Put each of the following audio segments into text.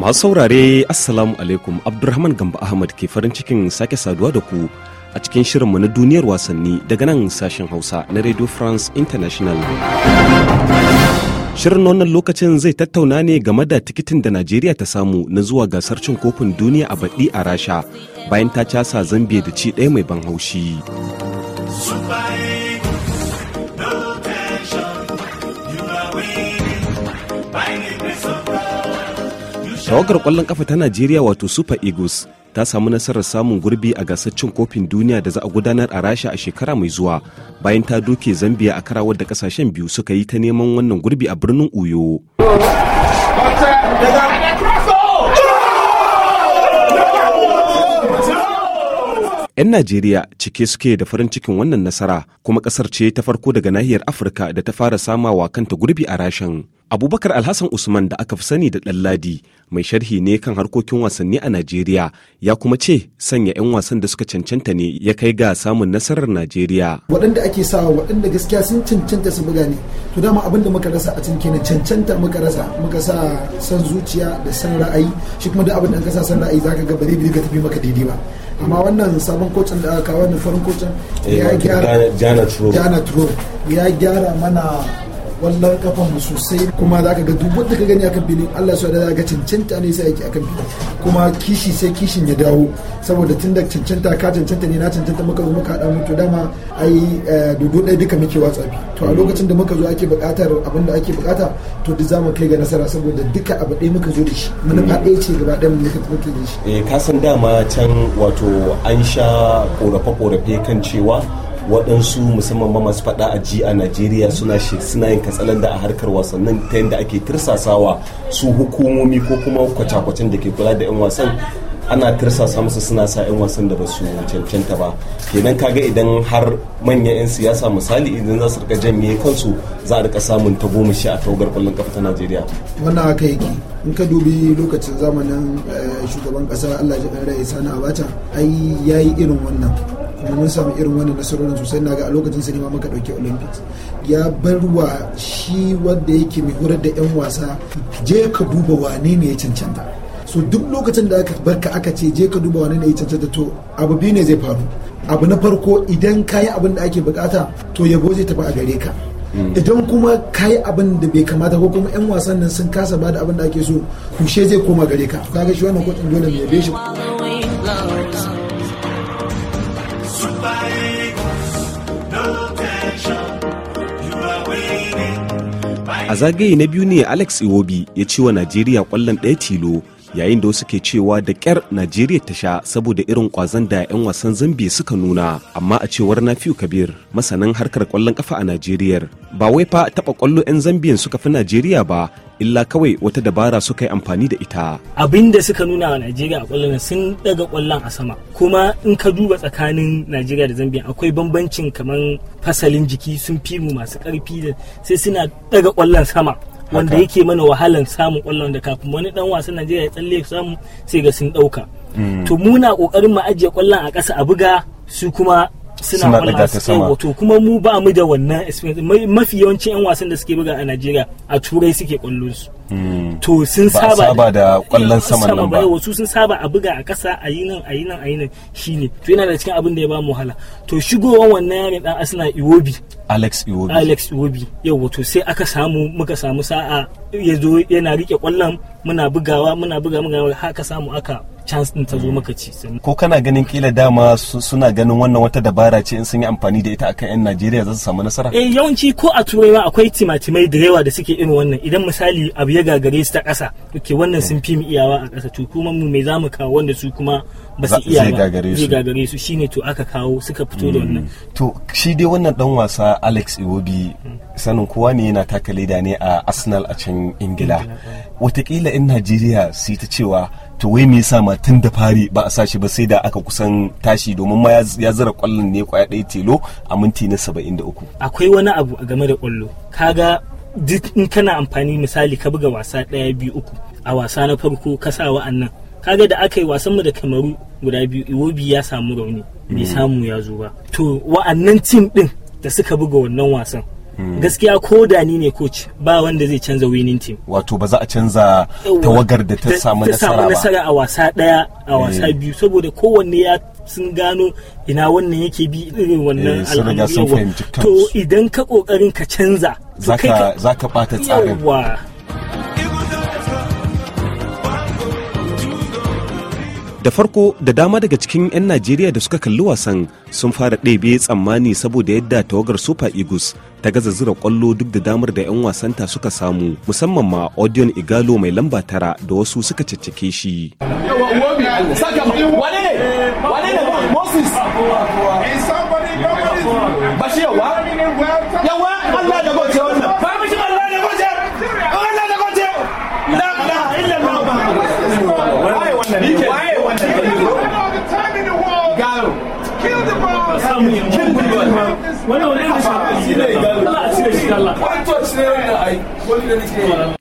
Masu saurare Assalamu alaikum Abdulrahman Gamba Ahmad ke farin cikin sake saduwa da ku a cikin shirinmu na duniyar wasanni daga nan sashen Hausa na Radio France International. Shirin wannan lokacin zai tattauna ne game da tikitin da Najeriya ta samu na zuwa gasar cin kofin duniya a baɗi a Rasha bayan ta casa Zambia da ci ɗaya mai ban haushi. tawagar kwallon kafa ta najeriya wato super eagles ta samu nasarar samun gurbi a gasar cin kofin duniya da za a gudanar a rasha a shekara mai zuwa bayan ta doke zambia a karawar da kasashen biyu suka yi ta neman wannan gurbi a birnin uyo yan najeriya cike suke da farin cikin wannan nasara kuma kasar ce ta farko daga nahiyar afirka da ta fara samawa kanta gurbi a rashin abubakar alhassan usman da aka fi sani da ɗanladi mai sharhi ne kan harkokin wasanni a Najeriya ya kuma ce sanya 'yan wasan da suka cancanta ne ya kai ga samun nasarar Najeriya. Waɗanda ake sawa waɗanda gaskiya sun cancanta su buga ne. To dama abin da muka rasa a cikin kenan cancanta muka rasa muka sa san zuciya da san ra'ayi shi kuma da abin da ka sa san ra'ayi zaka ga bare bare ka tafi maka daidai ba. amma wannan sabon kocin da aka kawo farin kocin eh, ya gyara mana wallan kafan mu sosai kuma za ka ga duk wanda ka gani akan filin Allah su da za ga cancanta ne sai yake akan filin kuma kishi sai kishin ya dawo saboda tun da cancanta ka cancanta ne na cancanta muka zo muka mu to dama ai eh, dudu ɗaya duka muke watsa bi to a lokacin da muka zo ake buƙatar abin da ake buƙata to duk za mu kai ga nasara saboda duka abu ɗaya muka zo da shi manufa ɗaya ce gaba ɗaya muka muke da shi. Eh, ka san dama can wato an sha ƙorafe-ƙorafe kan cewa waɗansu musamman ma masu faɗa a ji a najeriya suna suna yin katsalan da a harkar wasannin ta yadda ake tirsasawa su hukumomi ko kuma kwace da ke kula da 'yan wasan ana tirsasa musu suna sa 'yan wasan da ba su cancanta ba kenan kaga idan har manyan 'yan siyasa misali idan za su rika janye kansu za a rika samun ta goma a tawagar kwallon kafa ta najeriya wannan haka yake in ka dubi lokacin zamanin eh, shugaban kasa allah ji rai sani abacha ai yayi irin wannan kuma mun samu irin wani nasarorin sosai na ga a lokacin sinima maka ɗauki olympics ya bar wa shi wanda yake mai horar da 'yan wasa je ka duba wane ne ya cancanta so duk lokacin da aka barka aka ce je ka duba wane ne ya cancanta to abu biyu ne zai faru abu na farko idan ka yi abin da ake bukata to yabo zai tafi a gare ka hmm. idan kuma ka yi abin da bai kamata ko kuma 'yan wasan nan sun kasa ba da abin da ake so kushe zai koma gare ka kaga shi wannan kotun dole mai yabe shi a zagaye na biyu ne alex iwobi ya ci wa najeriya kwallon ɗaya tilo yayin da wasu ke cewa da kyar najeriya ta sha saboda irin kwazon da 'yan wasan zambi suka nuna amma a cewar nafiu kabir masanin harkar kwallon kafa a najeriya ba wai fa taɓa kwallo 'yan zambiyan suka fi najeriya ba illa kawai wata dabara suka yi amfani da ita abin da suka nuna a najeriya a kwallon sun daga kwallon a sama kuma in ka duba tsakanin najeriya da zambia akwai bambancin kamar fasalin jiki sun fi mu masu karfi da sai suna daga kwallon sama wanda yake mana wahalan samun kwallon da kafin wani dan wasan Najeriya ya tsalle samu sai ga sun dauka mm. to muna kokarin mu ajiye kwallon a kasa a buga su kuma suna kwallon su sama to kuma mu ba mu da wannan experience mafi yawancin yan wasan da suke buga a Najeriya a turai suke kwallon su to sun saba da kwallon saman nan ba wasu sun saba a buga a kasa a yi nan a yi nan a yi nan shine to yana da cikin abin da ya ba mu wahala to shigowar wannan yaron dan asina iwobi alex iwobi alex iwobi yau to sai aka samu muka samu sa'a ya zo yana rike kwallon muna bugawa muna buga muna haka samu aka chance din ta zo maka ci ko kana ganin kila dama suna ganin wannan wata dabara ce in sun yi amfani da ita akan yan Najeriya za su samu nasara eh yawanci ko a turai ma akwai timatimai da yawa da suke irin wannan idan misali abu ya gagare su ta ƙasa okay wannan sun fi mu iyawa a ƙasa to kuma mu me zamu kawo wanda su kuma ba su iya ba zai gagare su shine to aka kawo suka fito da wannan mm. to shi dai wannan dan wasa Alex Iwobi sanin kowa ne yana taka leda ne a Arsenal a can Ingila eh. watakila in Najeriya su ta cewa to wai me yasa ma tun da fari ba a sashi ba sai da aka kusan tashi domin ma ya zira kwallon ne kwaya ɗaya telo a minti na uku. akwai wani abu a game da kwallo kaga duk in kana amfani misali ka buga wasa ɗaya biyu uku a wasa na farko ka sa wa'annan kaga da aka yi wasan mu da kamaru guda biyu iwobi ya samu rauni bai mm. samu ya zo ba to wa'annan tim ɗin da suka buga wannan wasan Hmm. gaskiya ko da ni ne coach ba wanda zai canza winning team wato ba za a canza tawagar da ta samu nasara ba a wasa daya a wasa eh. biyu saboda kowanne ya sun gano ina wannan yake bi irin wannan eh, al'amari to idan ka kokarin ka canza zaka ka bata tsarin da farko da dama daga cikin 'yan najeriya da suka kalli wasan sun fara ɗebe tsammani saboda yadda tawagar super eagles ta gaza zira kwallo duk da damar da 'yan wasanta suka samu musamman ma audion igalo mai lamba tara da wasu suka caccake shi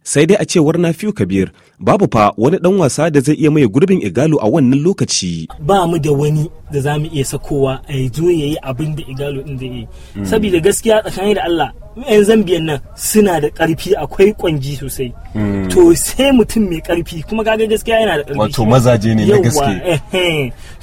Sai dai a cewar Nafiu Kabir babu fa wani dan wasa da zai iya mai gurbin Igalo a wannan lokaci. Ba mu da wani da za mu iya sakowa a yi zo ya yi abin da Igalo din zai yi. Hmm. Saboda gaskiya tsakani da Allah yan zambiyan nan suna da karfi akwai ƙwanji sosai. Hmm. To sai mutum mai karfi kuma kaga gaskiya yana da karfi. Wato mazaje ne na gaske.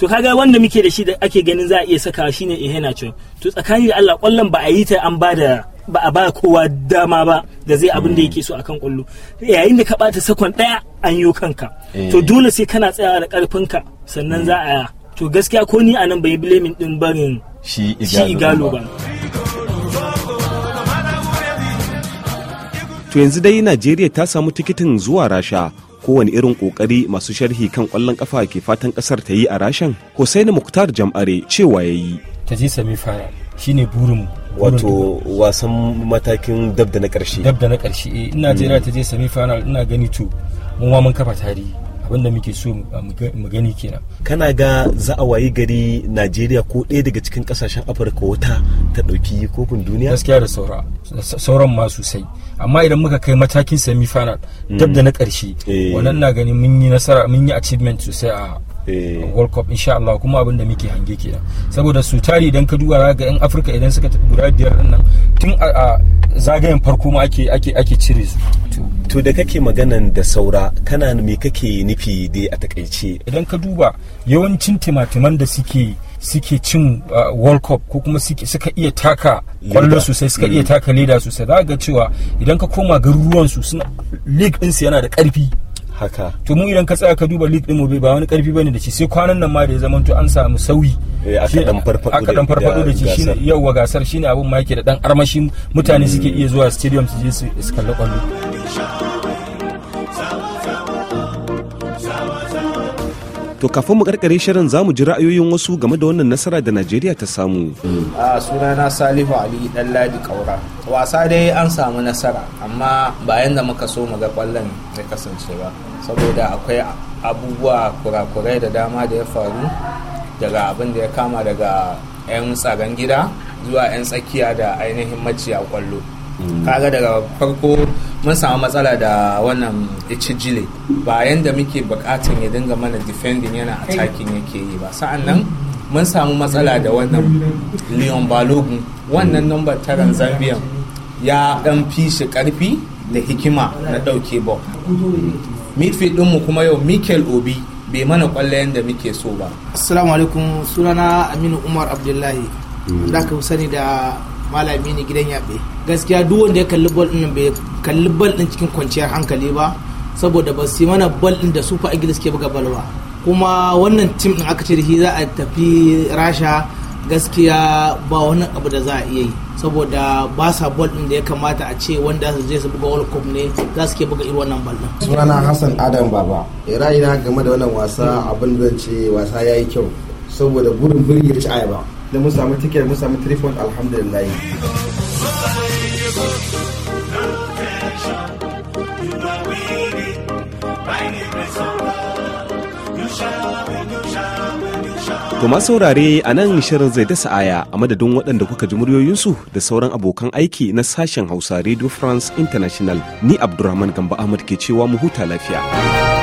To kaga wanda muke da shi da ake ganin za a iya saka shine Ihena To tsakani da Allah kwallon ba a yi ta an ba da ba a ba kowa dama ba da zai abin da mm. yake so a kan kwallo yayin da ka bata sakon daya an yi kanka eh. to dole sai kana tsayawa da karfin ka sannan mm. za a to gaskiya ko ni anan bai blamin din barin shi igalo ba to yanzu dai Najeriya ta samu tikitin zuwa Rasha kowane irin kokari masu sharhi kan kwallon kafa ke fatan kasar ta yi a rashan Hussaini Muktar Jam'are cewa yayi ta ji sami fara shine burinmu wato wasan matakin dab da na karshe dab da na karshe eh ina hmm. jira ta je semi final ina gani to mun ma mun kafa tari abinda muke so mu gani kenan kana ga za a wayi gari Najeriya ko ɗaya daga cikin kasashen Afirka wata ta dauki kofin duniya gaskiya da saura sauran ma sosai amma idan muka kai matakin semi final dab hmm. da na karshe eh. wannan ina gani mun yi nasara mun yi achievement sosai a Eh. world cup insha Allah kuma abin da muke hange kenan saboda su tari idan ka duba ga yan afirka idan suka tafi guda biyar nan tun a zagayen farko ma ake ake ake cire su to da kake maganan da saura kana me kake nufi da a takaice idan ka duba yawancin timatiman da suke suke cin world cup ko kuma suka iya taka kwallo sosai suka iya mm. taka leda sosai za ga cewa idan ka koma garuruwan su suna league su yana da karfi haka to mu idan ka tsaya ka duba league din mu ba wani karfi bane da shi sai kwanan nan ma da ya zama to an samu sauyi eh, aka dan farfado dan farfado da shi shine yauwa gasar shine abun ma yake da dan armashi mutane suke hmm. iya zuwa stadium su je su kalla kwallo to kafin mu karkare shirin zamu ji ra'ayoyin wasu game da wannan nasara da najeriya ta samu a sunana salihu ali dan ladi kaura wasa dai an samu nasara amma ba yanda muka so mu ga kwallon ya kasance ba saboda akwai abubuwa kurakurai da dama da ya faru daga abin da ya kama daga 'yan tsaron gida zuwa 'yan tsakiya da ainihin maciya kwallo Mm. kaga daga farko mun samu matsala da wannan icijile ba yadda muke bukatan ya dinga mana defending yana attacking yake yi ba sa'an nan mun samu matsala da wannan leon balogun wannan number taran zambia ya dan fi karfi da hikima na dauke ball midfield dinmu kuma yau mikel obi bai mana kwallo yadda muke so ba assalamu alaikum sunana aminu umar abdullahi da mm. ka sani da malami ne gidan yaɓe gaskiya duk wanda ya kalli bol nan bai kalli bol din cikin kwanciyar hankali ba saboda ba su mana bol din da super eagles ke buga bal ba kuma wannan tim din aka ce da shi za a tafi rasha gaskiya ba wani abu da za a iya yi saboda ba sa bol din da ya kamata a ce wanda su je su buga world cup ne za su ke buga irin wannan bal din sunana hassan adam baba eh, ra'ayina game da wannan wasa abin da ce wasa yayi kyau saboda gudun birgir ci ayaba da mun samu ticket mun samu 3 alhamdulillah Kuma saurare a nan shirin zai dasa aya a madadin waɗanda kuka ji muryoyinsu da sauran abokan aiki na sashen Hausa Radio France International ni Abdulrahman Gamba Ahmad ke cewa mu huta lafiya.